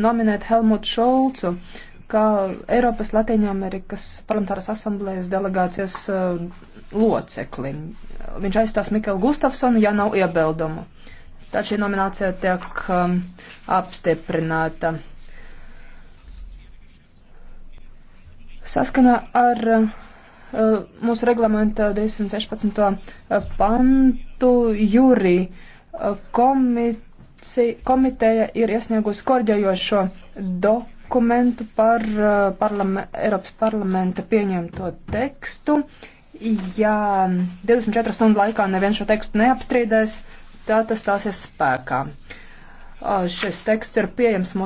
nominēt Helmutu Šolcu kā Eiropas Latīņamerikas parlamentāras asamblējas delegācijas uh, locekli. Viņš aizstās Mikelu Gustafsonu, ja nav iebildumu. Tad šī nominācija tiek um, apstiprināta. Saskaņā ar uh, mūsu reglamenta 216. Uh, pantu jūrī uh, komiteja komiteja ir iesniegusi korģējošo dokumentu par uh, parlam Eiropas parlamenta pieņemto tekstu. Ja 24 stundu laikā neviens šo tekstu neapstrīdēs, tā tas stāsies spēkā. Uh, šis teksts ir pieejams mūsu.